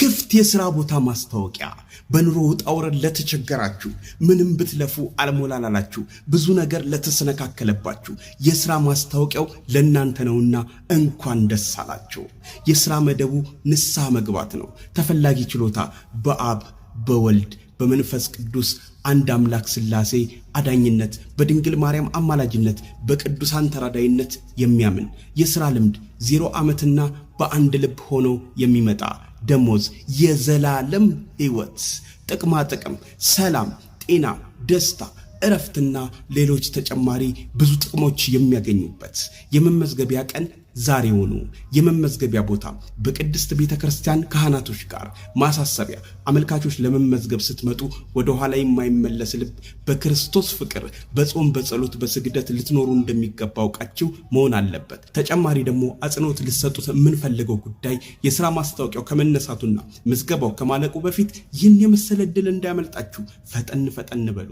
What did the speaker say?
ክፍት የስራ ቦታ ማስታወቂያ በኑሮ ውጣ ውረድ ለተቸገራችሁ፣ ምንም ብትለፉ አልሞላላላችሁ፣ ብዙ ነገር ለተሰነካከለባችሁ የስራ ማስታወቂያው ለእናንተ ነውና እንኳን ደስ አላችሁ። የስራ መደቡ ንስሐ መግባት ነው። ተፈላጊ ችሎታ በአብ በወልድ በመንፈስ ቅዱስ አንድ አምላክ ስላሴ አዳኝነት በድንግል ማርያም አማላጅነት በቅዱሳን ተራዳይነት የሚያምን የሥራ ልምድ ዜሮ ዓመትና በአንድ ልብ ሆኖ የሚመጣ ደሞዝ፣ የዘላለም ህይወት ጥቅማ ጥቅም፣ ሰላም፣ ጤና፣ ደስታ እረፍትና ሌሎች ተጨማሪ ብዙ ጥቅሞች የሚያገኙበት የመመዝገቢያ ቀን ዛሬውኑ የመመዝገቢያ ቦታ በቅድስት ቤተ ክርስቲያን ካህናቶች ጋር ማሳሰቢያ፣ አመልካቾች ለመመዝገብ ስትመጡ ወደ ኋላ የማይመለስ ልብ በክርስቶስ ፍቅር በጾም በጸሎት በስግደት ልትኖሩ እንደሚገባ አውቃችሁ መሆን አለበት። ተጨማሪ ደግሞ አጽንኦት ልሰጡት የምንፈልገው ጉዳይ የስራ ማስታወቂያው ከመነሳቱና ምዝገባው ከማለቁ በፊት ይህን የመሰለ እድል እንዳያመልጣችሁ ፈጠን ፈጠን በሉ።